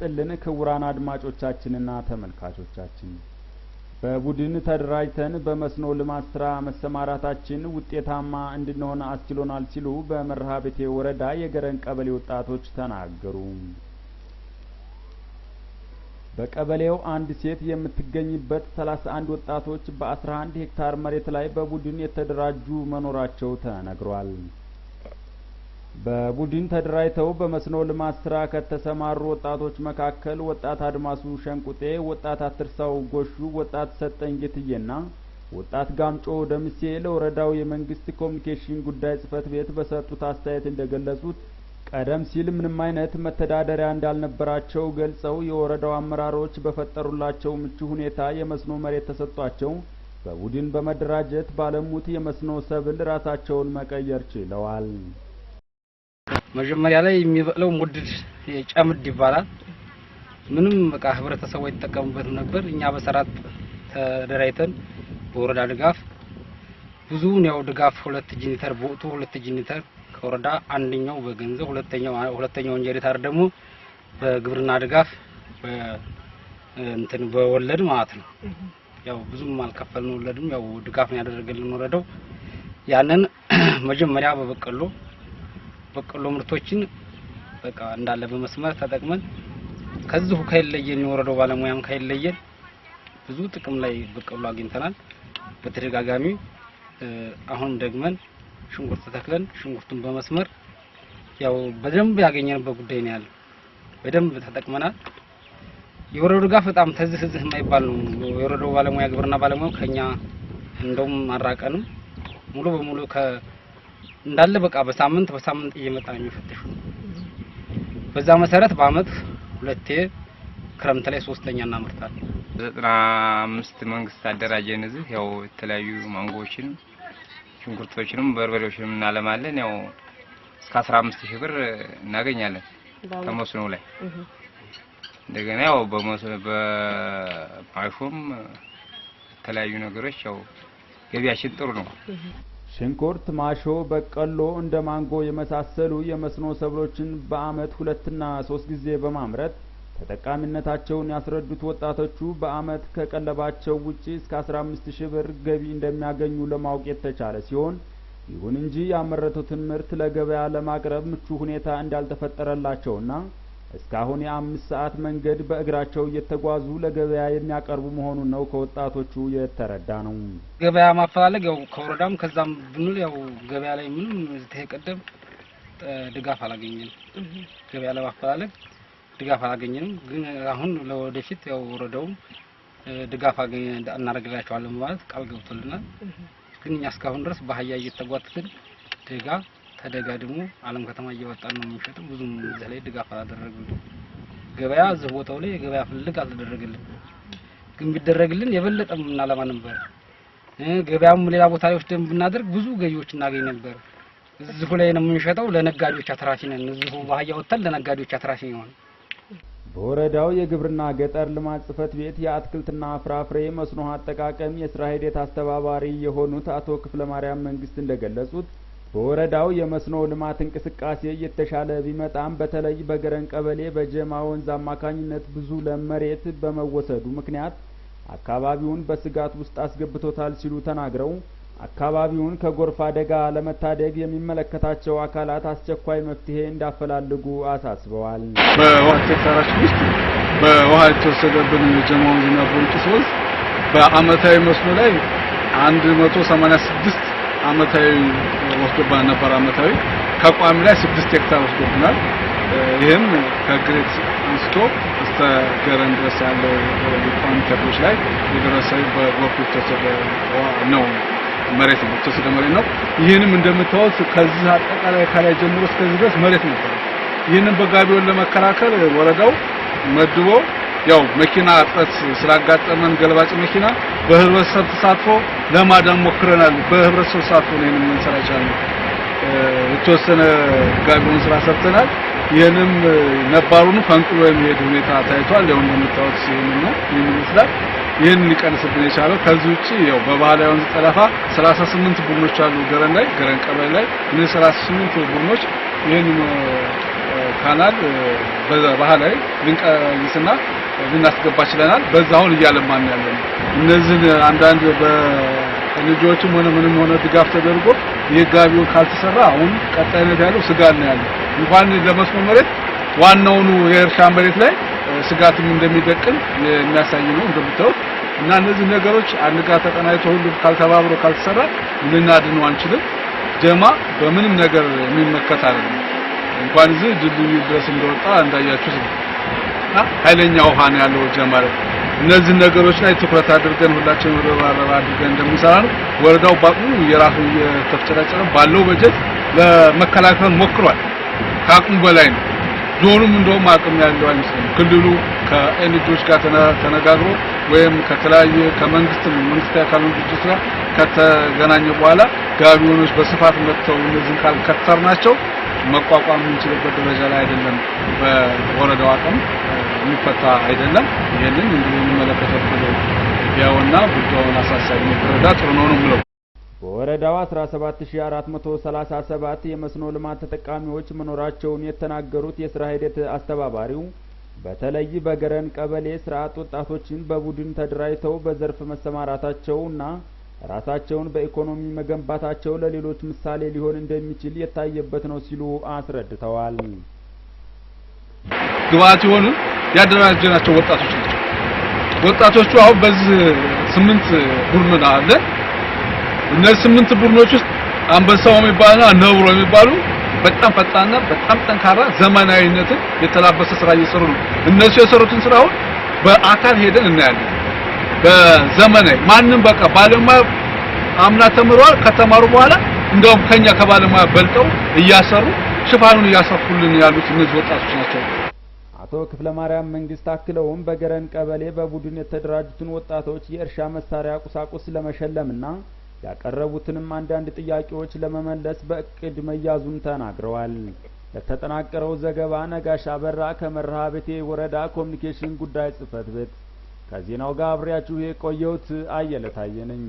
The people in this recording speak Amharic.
ይስጥልን ክቡራን አድማጮቻችንና ተመልካቾቻችን በቡድን ተደራጅተን በመስኖ ልማት ስራ መሰማራታችን ውጤታማ እንድንሆን አስችሎናል ሲሉ በመርሃ ቤቴ ወረዳ የገረን ቀበሌ ወጣቶች ተናገሩ። በቀበሌው አንድ ሴት የምትገኝበት 31 ወጣቶች በ11 ሄክታር መሬት ላይ በቡድን የተደራጁ መኖራቸው ተነግሯል። በቡድን ተደራጅተው በመስኖ ልማት ስራ ከተሰማሩ ወጣቶች መካከል ወጣት አድማሱ ሸንቁጤ፣ ወጣት አትርሳው ጎሹ፣ ወጣት ሰጠኝ ጌትዬና ወጣት ጋምጮ ደምሴ ለወረዳው የመንግስት ኮሚኒኬሽን ጉዳይ ጽህፈት ቤት በሰጡት አስተያየት እንደገለጹት ቀደም ሲል ምንም አይነት መተዳደሪያ እንዳልነበራቸው ገልጸው የወረዳው አመራሮች በፈጠሩላቸው ምቹ ሁኔታ የመስኖ መሬት ተሰጥቷቸው በቡድን በመደራጀት ባለሙት የመስኖ ሰብል ራሳቸውን መቀየር ችለዋል። መጀመሪያ ላይ የሚበቅለው ሙድድ ጨምድ ይባላል። ምንም በቃ ህብረተሰቡ አይጠቀሙበትም ነበር። እኛ በሰራት ተደራይተን በወረዳ ድጋፍ ብዙውን ያው ድጋፍ ሁለት ጂኒተር በወቅቱ ሁለት ጂኒተር ከወረዳ አንደኛው በገንዘብ ሁለተኛው ሁለተኛው እንጀሪታር ደግሞ በግብርና ድጋፍ እንትን በወለድ ማለት ነው። ያው ብዙም አልከፈልን ወለድም ያው ድጋፍ ነው ያደረገልን ወረዳው። ያንን መጀመሪያ በበቀሎ በቆሎ ምርቶችን በቃ እንዳለ በመስመር ተጠቅመን ከዚሁ ካይለየን የወረደው ባለሙያም ካይለየን ብዙ ጥቅም ላይ በቆሎ አግኝተናል። በተደጋጋሚ አሁን ደግመን ሽንኩርት ተክለን ሽንኩርቱን በመስመር ያው በደንብ ያገኘንበት ጉዳይ ነው ያለው። በደንብ ተጠቅመናል። የወረዶ ጋር በጣም ተዝህ ዝህ የማይባል ነው። የወረዶ ባለሙያ ግብርና ባለሙያው ከኛ እንደውም አራቀንም ሙሉ በሙሉ ከ እንዳለ በቃ በሳምንት በሳምንት እየመጣ ነው የሚፈትሹ። በዛ መሰረት በአመት ሁለቴ ክረምት ላይ ሶስተኛ እናመርታለን። ዘጠና አምስት መንግስት አደራጀን። እዚህ ያው የተለያዩ ማንጎዎችን ሽንኩርቶችንም፣ በርበሬዎችንም እናለማለን። ያው እስከ አስራ ሺህ ብር እናገኛለን ከመስኖ ላይ እንደገና ያው በመስኖ በማሾም የተለያዩ ነገሮች ያው ገቢያችን ጥሩ ነው። ሽንኩርት፣ ማሾ፣ በቀሎ፣ እንደ ማንጎ የመሳሰሉ የመስኖ ሰብሎችን በአመት ሁለትና ሶስት ጊዜ በማምረት ተጠቃሚነታቸውን ያስረዱት ወጣቶቹ በአመት ከቀለባቸው ውጪ እስከ 15 ሺህ ብር ገቢ እንደሚያገኙ ለማወቅ የተቻለ ሲሆን ይሁን እንጂ ያመረቱትን ምርት ለገበያ ለማቅረብ ምቹ ሁኔታ እንዳልተፈጠረላቸውና እስካሁን የአምስት ሰዓት መንገድ በእግራቸው እየተጓዙ ለገበያ የሚያቀርቡ መሆኑን ነው ከወጣቶቹ የተረዳ ነው። ገበያ ማፈላለግ ያው ከወረዳም ከዛም ብንል ያው ገበያ ላይ ምንም እዚህ ቀደም ድጋፍ አላገኘንም። ገበያ ለማፈላለግ ድጋፍ አላገኘንም። ግን አሁን ለወደፊት ያው ወረዳውም ድጋፍ እናደርግላቸዋለን ማለት ቃል ገብቶልናል። ግን እኛ እስካሁን ድረስ በአህያ እየተጓትትን ድጋፍ ተደጋድሞ አለም ከተማ እየወጣ ነው የሚሸጠው። ብዙም እዚህ ላይ ድጋፍ አላደረግልን። ገበያ እዚህ ቦታው ላይ የገበያ ፍልቅ አልተደረገልን። ግን ቢደረግልን የበለጠ ምናለማ ነበር። ገበያም ሌላ ቦታ ላይ ወስደን ብናደርግ ብዙ ገዢዎች እናገኝ ነበር። እዚሁ ላይ ነው የምንሸጠው። ለነጋዴዎች አትራፊ ነን። እዚሁ ባህያ ወጥተን ለነጋዴዎች አትራፊ ይሆን። በወረዳው የግብርና ገጠር ልማት ጽሕፈት ቤት የአትክልትና ፍራፍሬ መስኖ አጠቃቀም የስራ ሂደት አስተባባሪ የሆኑት አቶ ክፍለ ማርያም መንግስት እንደገለጹት በወረዳው የመስኖ ልማት እንቅስቃሴ እየተሻለ ቢመጣም በተለይ በገረን ቀበሌ በጀማ ወንዝ አማካኝነት ብዙ ለም መሬት በመወሰዱ ምክንያት አካባቢውን በስጋት ውስጥ አስገብቶታል ሲሉ ተናግረው አካባቢውን ከጎርፍ አደጋ ለመታደግ የሚመለከታቸው አካላት አስቸኳይ መፍትሄ እንዳፈላልጉ አሳስበዋል። በውሃ ሴክተራችን ውስጥ በውሃ የተወሰደብን የጀማ ወንዝና ቦንቂስ ወንዝ በአመታዊ መስኖ ላይ አንድ መቶ ሰማኒያ ስድስት አመታዊ ወስዶባ ነበር። አመታዊ ከቋሚ ላይ ስድስት ሄክታር ወስዶብናል። ይህም ከግሬት አንስቶ እስከ ገረን ድረስ ያለው ቋሚ ከብቶች ላይ የደረሰ በጎርፍ ተሰደ ነው መሬት ነው የተወሰደ መሬት ነው። ይህንም እንደምታዩት ከዚህ አጠቃላይ ከላይ ጀምሮ እስከዚህ ድረስ መሬት ነበር። ይህንን በጋቢውን ለመከላከል ወረዳው መድቦ ያው መኪና እጥረት ስላጋጠመን ገልባጭ መኪና በህብረተሰብ ተሳትፎ ለማዳን ሞክረናል። በህብረተሰብ ተሳትፎ ነው የምንሰራ ይቻላል። የተወሰነ ጋቢውን ስራ ሰርተናል። ይህንም ነባሩን ፈንቅሎ የሚሄድ ሁኔታ ታይቷል። ያው እንደምታወት ይህንና ይህን ይመስላል። ይህን ሊቀንስብን የቻለው ከዚህ ውጪ ያው በባህላዊ ወንዝ ጠለፋ 38 ቡድኖች አሉ ገረን ላይ ገረን ቀበሌ ላይ እነዚህ 38 ቡድኖች ይህን ካናል በባህላዊ ልንቀይስና ልናስገባ ችለናል። በዛውን አሁን እያለማን ያለ ነው። እነዚህን አንዳንድ በልጆችም ሆነ ምንም ሆነ ድጋፍ ተደርጎ የጋቢው ካልተሰራ አሁን ቀጣይነት ያለው ስጋ ነው ያለው። እንኳን ለመስኖ መሬት ዋናውኑ የእርሻ መሬት ላይ ስጋትም እንደሚደቅን የሚያሳይ ነው እንደምታው እና እነዚህ ነገሮች አንድ ጋር ተቀናይቶ ሁሉ ካልተባብሮ ካልተሰራ ልናድነው አንችልም። ጀማ በምንም ነገር የሚመከት አይደለም። እንኳን እዚህ ድልድዩ ድረስ እንደወጣ እንዳያችሁት ነው። ኃይለኛ ውሃ ነው ያለው ጀመር። እነዚህ ነገሮች ላይ ትኩረት አድርገን ሁላችን ርብርብ አድርገን እንደምንሰራ ነው። ወረዳው ባቁ የራሱ የተፍጨረጨረ ባለው በጀት ለመከላከል ሞክሯል። ከአቅሙ በላይ ነው። ዞኑም እንደውም አቅም ያለው አይመስልም። ክልሉ ከኤንጂኦዎች ጋር ተነጋግሮ ወይም ከተለያየ ከመንግስት መንግስት አካል ድርጅት ጋር ከተገናኘ በኋላ ጋቢዮኖች በስፋት መጥተው እነዚህን ካልከተርናቸው መቋቋም የምንችልበት ደረጃ ላይ አይደለም። በወረዳው አቅም የሚፈታ አይደለም። ይህንን እንዲሁ የሚመለከተው ቢያውና ጉዳዩን አሳሳቢ ረዳ ጥሩ ነው ነው ብለው በወረዳው 17437 የመስኖ ልማት ተጠቃሚዎች መኖራቸውን የተናገሩት የስራ ሂደት አስተባባሪው በተለይ በገረን ቀበሌ ስርዓት ወጣቶችን በቡድን ተደራጅተው በዘርፍ መሰማራታቸው እና ራሳቸውን በኢኮኖሚ መገንባታቸው ለሌሎች ምሳሌ ሊሆን እንደሚችል የታየበት ነው ሲሉ አስረድተዋል። ግብአት የሆኑ ያደራጀናቸው ወጣቶች ናቸው። ወጣቶቹ አሁን በዚህ ስምንት ቡድን አለ። እነዚህ ስምንት ቡድኖች ውስጥ አንበሳው የሚባልና ነብሮ የሚባሉ በጣም ፈጣንና በጣም ጠንካራ ዘመናዊነትን የተላበሰ ስራ እየሰሩ ነው። እነሱ የሰሩትን ስራ አሁን በአካል ሄደን እናያለን። በዘመናዊ ማንም በቃ ባለሙያ አምና ተምሯል። ከተማሩ በኋላ እንደውም ከኛ ከባለሙያ በልጠው እያሰሩ ሽፋኑን እያሰፉልን ያሉት እነዚህ ወጣቶች ናቸው። አቶ ክፍለ ማርያም መንግስት አክለውም በገረን ቀበሌ በቡድን የተደራጁትን ወጣቶች የእርሻ መሳሪያ ቁሳቁስ ለመሸለምና ያቀረቡትንም አንዳንድ ጥያቄዎች ለመመለስ በእቅድ መያዙን ተናግረዋል። ለተጠናቀረው ዘገባ ነጋሽ አበራ ከመርሃ ቤቴ ወረዳ ኮሚኒኬሽን ጉዳይ ጽህፈት ቤት ከዜናው ጋር አብሬያችሁ የቆየሁት አየለ ታየ ነኝ።